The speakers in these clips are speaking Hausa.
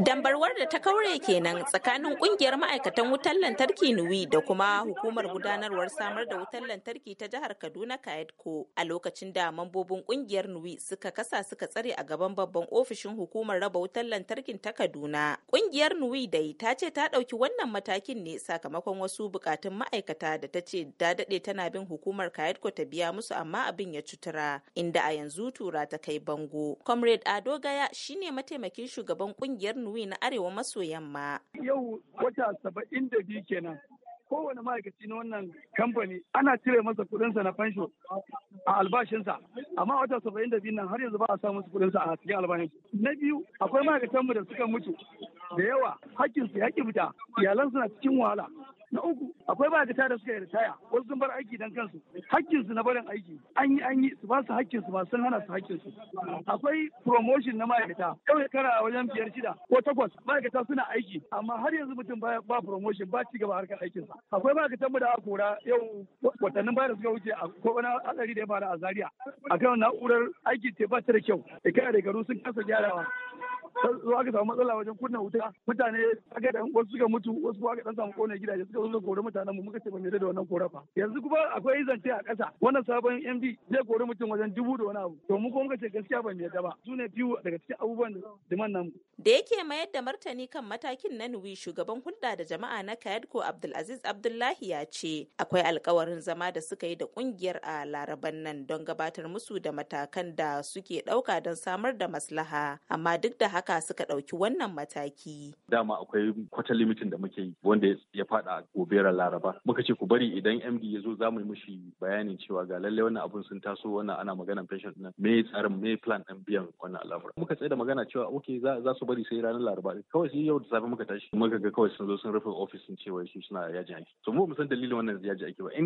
Dambarwar da ta kaure kenan tsakanin kungiyar ma'aikatan wutar lantarki Nuwi da kuma hukumar gudanarwar samar da wutar lantarki ta jihar Kaduna Kayatko a lokacin da mambobin kungiyar Nuwi suka kasa suka tsare a gaban babban ofishin hukumar raba wutar lantarkin ta Kaduna. Kungiyar Nuwi dai ta ce ta ɗauki wannan matakin ne sakamakon wasu bukatun ma'aikata da ta ce da dade tana bin hukumar Kayatko ta biya musu amma abin ya cutura inda a yanzu tura ta kai bango. Comrade Ado Gaya shine mataimakin shugaban kungiyar Benue na Arewa maso yamma. Yau wata saba'in da biyu kenan. Kowane ma'aikaci na wannan kamfani ana cire masa kuɗinsa na fansho a albashinsa, amma wata saba'in da biyu nan har yanzu ba a sa musu kuɗinsa a cikin albashin. Na biyu akwai ma'aikatanmu da suka mutu da yawa hakkinsu ya ƙi fita, iyalansu na cikin wahala. Na uku akwai ma'aikata da suka yi ritaya wasu sun bar aiki don kansu hakkinsu na barin aiki an yi an yi su ba su hakkinsu ba sun hana su hakkinsu. Akwai promotion na ma'aikata yau shekara wajen biyar shida ko takwas ma'aikata suna aiki amma har yanzu mutum ba promotion ba cigaba harkar aikinsa. Akwai ma'aikatan mu da aka kora yau watannin baya da suka wuce a ko wani hatsari da ya faru a Zaria akan na'urar aiki ce ba ta da kyau da kai da garu sun kasa gyarawa zo aka samu matsala wajen kunna wuta mutane aka da wasu suka mutu wasu kuma aka dan samu kone gidaje suka zo kore mutanen mu muka ce ba mai da wannan korafa yanzu kuma akwai zance a ƙasa wannan sabon MD zai kore mutum wajen dubu da wani abu to mu kuma muka ce gaskiya ba mai yarda ba sune biyu daga cikin abubuwan diman nan. da yake mayar da martani kan matakin na Nuwi shugaban hulɗa da jama'a na Kayadko Abdulaziz Abdullahi ya ce akwai alkawarin zama da suka yi da kungiyar a laraban nan don gabatar musu da matakan da suke ɗauka don samar da maslaha amma duk da haka haka suka ɗauki wannan mataki. Dama akwai kwata limitin da muke yi wanda ya faɗa goberar Laraba. Muka ce ku bari idan MD ya zo za mu yi mishi bayanin cewa ga lallai wannan abun sun taso wannan ana maganan pension ɗin me tsarin me plan ɗin biyan wannan al'amura. Muka tsaye da magana cewa ok za su bari sai ranar Laraba kawai sai yau da safe muka tashi muka ga kawai sun zo sun rufe ofis sun ce wai su suna yajin aiki. To mu san dalilin wannan yajin aiki ba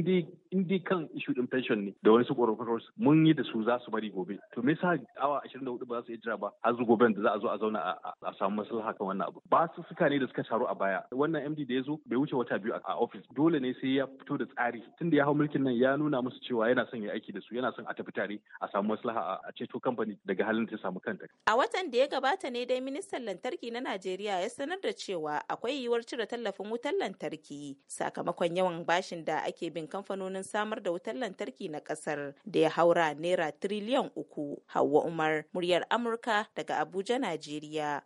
in dai kan ishu ɗin pension ne da wani su ƙorafe mun yi da su za su bari gobe. To me yasa awa 24 ba za su iya jira ba har gobe da za a zo a zauna zauna a samu maslaha kan wannan abu ba su suka ne da suka taru a baya wannan MD da ya zo bai wuce wata biyu a office dole ne sai ya fito da tsari tunda ya hau mulkin nan ya nuna musu cewa yana son ya aiki da su yana son a tafi tare a samu maslaha a ceto kamfani daga halin ta samu kanta a watan da ya gabata ne dai ministan lantarki na Najeriya ya sanar da cewa akwai yiwuwar cire tallafin wutar lantarki sakamakon yawan bashin da ake bin kamfanonin samar da wutar lantarki na kasar da ya haura naira tiriliyan uku Hauwa Umar muryar Amurka daga Abuja Najeriya Yeah.